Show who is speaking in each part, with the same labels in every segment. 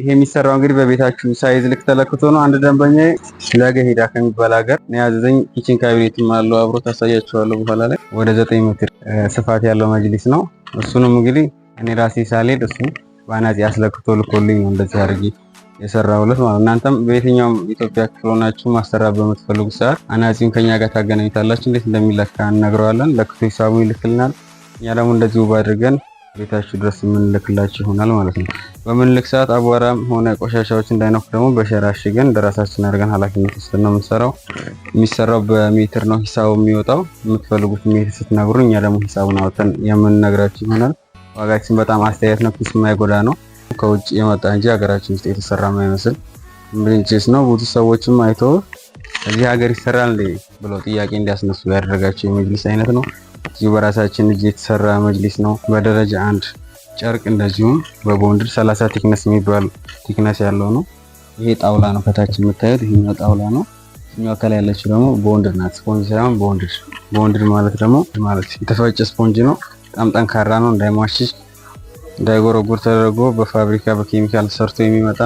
Speaker 1: ይሄ የሚሰራው እንግዲህ በቤታችሁ ሳይዝ ልክ ተለክቶ ነው። አንድ ደንበኛ ለገሄዳ ከሚባል ሀገር ያዘዘኝ ኪችን ካቢኔትም አለው አብሮ ታሳያችኋለሁ በኋላ ላይ። ወደ ዘጠኝ ሜትር ስፋት ያለው መጅሊስ ነው። እሱንም እንግዲህ እኔ ራሴ ሳልሄድ እሱ በአናጺ አስለክቶ ልኮልኝ ነው እንደዚህ አድርጌ የሰራሁለት ማለት። እናንተም በየትኛውም ኢትዮጵያ ክፍል ሆናችሁ ማሰራት በምትፈልጉ ሰዓት አናጺውን ከኛ ጋር ታገናኝታላችሁ። እንዴት እንደሚለካ እነግረዋለን። ለክቶ ሂሳቡ ይልክልናል። እኛ ደግሞ እንደዚህ ውብ አድርገን ቤታችሁ ድረስ የምንልክላችሁ ይሆናል ማለት ነው። በምንልክ ሰዓት አቧራም ሆነ ቆሻሻዎች እንዳይነኩ ደግሞ በሸራ አሽገን እንደራሳችን አድርገን ኃላፊነት ውስጥ ነው የምንሰራው። የሚሰራው በሜትር ነው ሂሳቡ የሚወጣው። የምትፈልጉት ሜትር ስትነግሩ እኛ ደግሞ ሂሳቡን አውጥተን የምንነግራችሁ ይሆናል። ዋጋችን በጣም አስተያየት ነው፣ ኪስ የማይጎዳ ነው። ከውጭ የመጣ እንጂ ሀገራችን ውስጥ የተሰራ የማይመስል ብንጭስ ነው። ብዙ ሰዎችም አይቶ እዚህ ሀገር ይሰራል እንዴ ብለው ጥያቄ እንዲያስነሱ ያደረጋቸው የመጅሊስ አይነት ነው። እዚሁ በራሳችን እጅ የተሰራ መጅሊስ ነው በደረጃ አንድ ጨርቅ እንደዚሁም በቦንድድ 30 ቲክነስ የሚባል ቲክነስ ያለው ነው። ይሄ ጣውላ ነው ከታች የምታዩት ይሄኛው ጣውላ ነው። ይሄኛው ከላይ ያለችው ደግሞ ቦንድድ ናት፣ ስፖንጅ ሳይሆን ቦንድድ። ቦንድድ ማለት ደግሞ ማለት የተፈጨ ስፖንጅ ነው። በጣም ጠንካራ ነው፣ እንዳይሟሽሽ እንዳይጎረጉር ተደርጎ በፋብሪካ በኬሚካል ሰርቶ የሚመጣ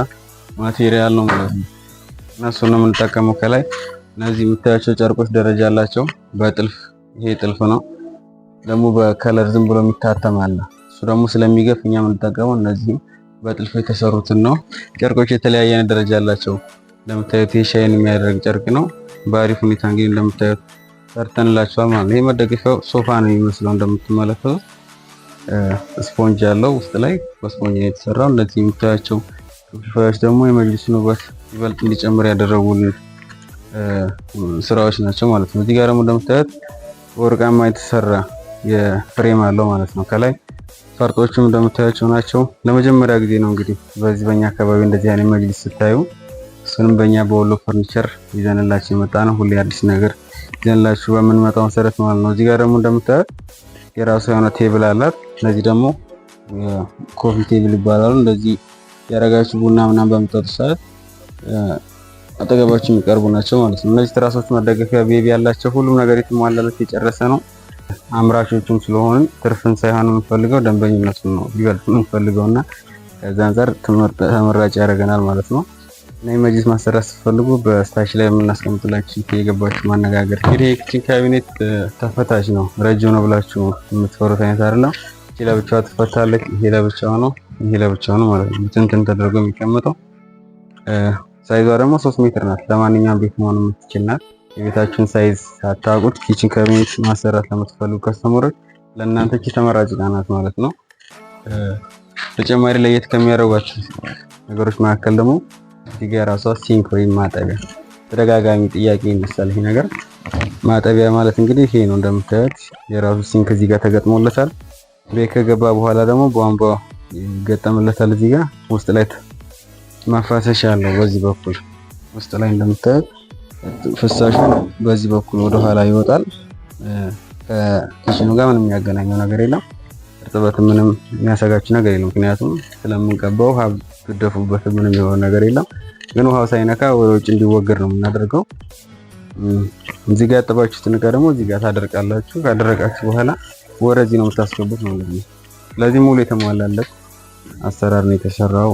Speaker 1: ማቴሪያል ነው ማለት ነው። እና እሱ ነው የምንጠቀመው። ከላይ እነዚህ የምታያቸው ጨርቆች ደረጃ አላቸው። በጥልፍ ይሄ ጥልፍ ነው ደግሞ በከለር ዝም ብሎ የሚታተም አለ። ደግሞ ስለሚገፍ እኛ የምንጠቀመው እነዚህ በጥልፍ የተሰሩትን ነው። ጨርቆች የተለያየ ደረጃ አላቸው። እንደምታዩት የሻይን የሚያደርግ ጨርቅ ነው። በአሪፍ ሁኔታ እንግዲህ እንደምታዩት ሰርተንላቸዋል ማለት ነው። ይህ መደገፊያው ሶፋ ነው የሚመስለው። እንደምትመለከቱት ስፖንጅ ያለው ውስጥ ላይ በስፖንጅ ነው የተሰራው። እነዚህ የምታያቸው ክፍልፋዮች ደግሞ የመጅሊሱን ውበት ይበልጥ እንዲጨምር ያደረጉልን ስራዎች ናቸው ማለት ነው። እዚህ ጋር ደግሞ እንደምታዩት ወርቃማ የተሰራ የፍሬም አለው ማለት ነው ከላይ ፈርጦቹም እንደምታያቸው ናቸው። ለመጀመሪያ ጊዜ ነው እንግዲህ በዚህ በእኛ አካባቢ እንደዚህ አይነት መጅሊስ ስታዩ። እሱንም በእኛ በወሎ ፈርኒቸር ይዘንላችሁ የመጣ ነው። ሁሌ አዲስ ነገር ይዘንላችሁ በምንመጣው መሰረት ማለት ነው። እዚህ ጋር ደግሞ እንደምታዩት የራሱ የሆነ ቴብል አላት። እነዚህ ደግሞ ኮፊ ቴብል ይባላሉ። እንደዚህ ያረጋችሁ ቡና ምናምን በምጠጡ ሰዓት አጠገባችሁ የሚቀርቡ ናቸው ማለት ነው። እነዚህ ትራሶች መደገፊያ ቤቢ ያላቸው ሁሉም ነገር የተሟላለት የጨረሰ ነው። አምራቾቹም ስለሆን ትርፍን ሳይሆን የምንፈልገው ደንበኝነቱ ነው ሊገልጽ የምንፈልገው እና ከዚ አንጻር ተመራጭ ያደርገናል ማለት ነው። እና ኢማጂስ ማሰራት ስትፈልጉ በስታች ላይ የምናስቀምጥላችሁ የገባችሁ ማነጋገር። እንግዲህ የኪችን ካቢኔት ተፈታች ነው፣ ረጅም ነው ብላችሁ የምትፈሩት አይነት አይደለም። ይሄ ለብቻዋ ትፈታለች፣ ይሄ ለብቻው ነው፣ ይሄ ለብቻው ነው ማለት ነው። ትንትን ተደርጎ የሚቀመጠው ሳይዟ ደግሞ ሶስት ሜትር ናት። ለማንኛውም ቤት መሆን የምትችል ናት። የቤታችሁን ሳይዝ ሳታውቁት ኪችን ካቢኔት ማሰራት ለምትፈልጉ ከስተመሮች ለእናንተ ኪ ተመራጭ ናት ማለት ነው። ተጨማሪ ለየት ከሚያደርጓቸው ነገሮች መካከል ደግሞ እዚህ ራሷ ሲንክ ወይም ማጠቢያ ተደጋጋሚ ጥያቄ ይነሳል። ይሄ ነገር ማጠቢያ ማለት እንግዲህ ይሄ ነው። እንደምታዩት የራሱ ሲንክ እዚህ ጋር ተገጥሞለታል። ቤት ከገባ በኋላ ደግሞ ቧንቧ ይገጠምለታል። እዚህ ጋር ውስጥ ላይ ማፋሰሻ አለው። በዚህ በኩል ውስጥ ላይ እንደምታዩት ፍሳሹ በዚህ በኩል ወደኋላ ይወጣል። ከኪችኑ ጋር ምንም የሚያገናኘው ነገር የለም። እርጥበት ምንም የሚያሰጋችሁ ነገር የለም። ምክንያቱም ስለምንቀባው ውሃ ብደፉበት ምንም የሆነ ነገር የለም። ግን ውሃው ሳይነካ ወደ ውጭ እንዲወገድ ነው የምናደርገው። እዚህ ጋር ያጠባችሁትን እቃ ደግሞ እዚህ ጋር ታደርቃላችሁ። ካደረቃችሁ በኋላ ወደዚህ ነው የምታስገቡት ማለት ነው። ስለዚህ ሙሉ የተሟላለት አሰራር ነው የተሰራው።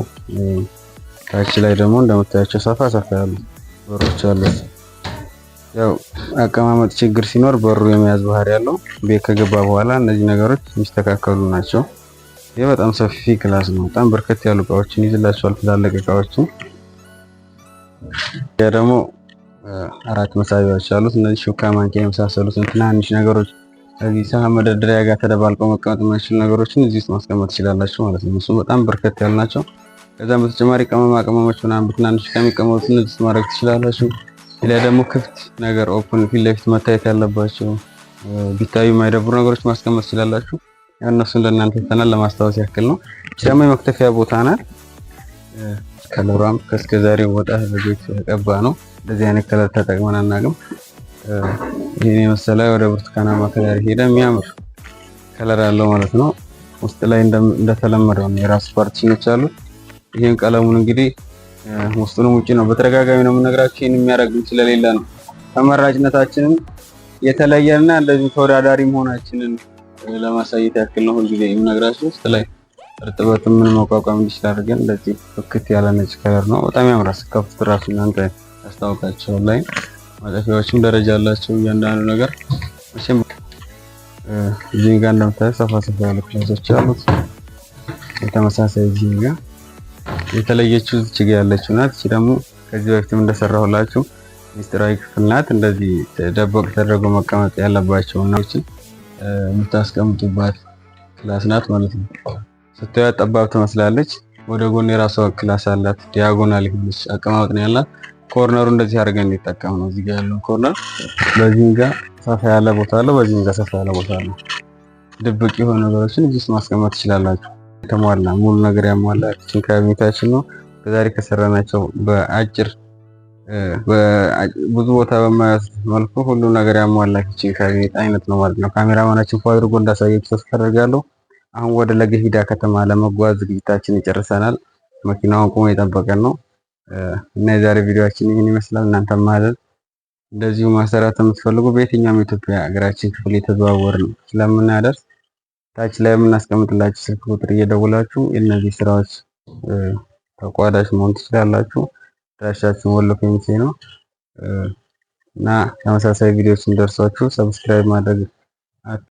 Speaker 1: ታች ላይ ደግሞ እንደምታያቸው ሰፋ ሰፋ ያሉ በሮች አሉት። ያው አቀማመጥ ችግር ሲኖር በሩ የመያዝ ባህሪ ያለው ቤት ከገባ በኋላ እነዚህ ነገሮች የሚስተካከሉ ናቸው። ይህ በጣም ሰፊ ክላስ ነው። በጣም በርከት ያሉ እቃዎችን ይዝላቸዋል፣ ትላልቅ እቃዎችን። ያ ደግሞ አራት መሳቢያዎች አሉት። እነዚህ ሹካ፣ ማንኪያ የመሳሰሉትን ትናንሽ ነገሮች ከዚህ ሳህን መደርደሪያ ጋር ተደባልቀው መቀመጥ የማይችሉ ነገሮችን እዚህ ውስጥ ማስቀመጥ ይችላላቸው ማለት ነው። እሱ በጣም በርከት ያሉ ናቸው። ከዛም በተጨማሪ ቅመማ ቅመሞች ምናምን በትናንሽ ከሚቀመጡት እነዚህ ውስጥ ማድረግ ትችላላችሁ። ሌላ ደግሞ ክፍት ነገር ኦፕን ፊት ለፊት መታየት ያለባቸው ቢታዩ የማይደብሩ ነገሮች ማስቀመጥ ትችላላችሁ። እነሱን ለእናንተ ተናል ለማስታወስ ያክል ነው። ደግሞ የመክተፊያ ቦታ ናት። ከለሯም ከእስከ ዛሬ ወጣ በቤት ተቀባ ነው። እንደዚህ አይነት ከለር ተጠቅመን አናውቅም። ይህን የመሰለ ወደ ብርቱካናማ ከለር ሄደ የሚያምር ከለር ያለው ማለት ነው። ውስጥ ላይ እንደተለመደው የራሱ ፓርቲሽኖች አሉት። ይህን ቀለሙን እንግዲህ ውስጡንም ውጭ ነው። በተደጋጋሚ ነው የምነግራችሁ። ይህን የሚያደርግም ስለሌለ ነው። ተመራጭነታችንም የተለየና እንደዚህ ተወዳዳሪ መሆናችንን ለማሳየት ያክል ነው። ሁልጊዜ የምነግራችሁ ውስጥ ላይ እርጥበትን ምን መቋቋም እንዲችል አድርገን እንደዚህ ፍክት ያለ ነጭ ከለር ነው። በጣም ያምራል። ስከፍት ራሱ እናንተ ያስታውቃቸው ላይ ማጠፊያዎችም ደረጃ አላቸው። እያንዳንዱ ነገር መቼም እዚህ ጋር እንደምታየው ሰፋ ሰፋ ያለ ክላሶች አሉት። የተመሳሳይ እዚህ ጋር የተለየችው ችግ ያለችው ናት። እቺ ደግሞ ከዚህ በፊትም እንደሰራሁላችሁ ሚስጥራዊ ክፍል ናት። እንደዚህ ደበቅ ተደርጎ መቀመጥ ያለባቸው ናችን የምታስቀምጡባት ክላስ ናት ማለት ነው። ስታዩት ጠባብ ትመስላለች። ወደ ጎን የራሷ ክላስ አላት። ዲያጎናል የሆነች አቀማመጥ ነው ያላት። ኮርነሩ እንደዚህ አድርገን እንዲጠቀም ነው። እዚጋ ያለው ኮርነር በዚህ ጋ ሰፋ ያለ ቦታ አለው፣ በዚህ ጋ ሰፋ ያለ ቦታ አለው። ድብቅ የሆኑ ነገሮችን እዚህ ውስጥ ማስቀመጥ ትችላላችሁ። የተሟላ ሙሉ ነገር ያሟላ ኪችን ካቢኔታችን ነው። በዛሬ ከሰራናቸው በአጭር ብዙ ቦታ በማያዝ መልኩ ሁሉም ነገር ያሟላ ኪችን ካቢኔት አይነት ነው ማለት ነው። ካሜራማናችን ፎ አድርጎ እንዳሳያችሁ ተስፋ አደርጋለሁ። አሁን ወደ ለገሂዳ ከተማ ለመጓዝ ዝግጅታችን ይጨርሰናል። መኪናውን ቁሞ የጠበቀን ነው እና የዛሬ ቪዲዮችን ይህን ይመስላል። እናንተ ማለል እንደዚሁ ማሰራት የምትፈልጉ በየትኛውም ኢትዮጵያ ሀገራችን ክፍል ነው ስለምናደርስ ታች ላይ የምናስቀምጥላችሁ ስልክ ቁጥር እየደውላችሁ የእነዚህ ስራዎች ተቋዳሽ መሆን ትችላላችሁ። ድራሻችን ወሎ ፔንሴ ነው እና ተመሳሳይ ቪዲዮዎችን ደርሷችሁ ሰብስክራይብ ማድረግ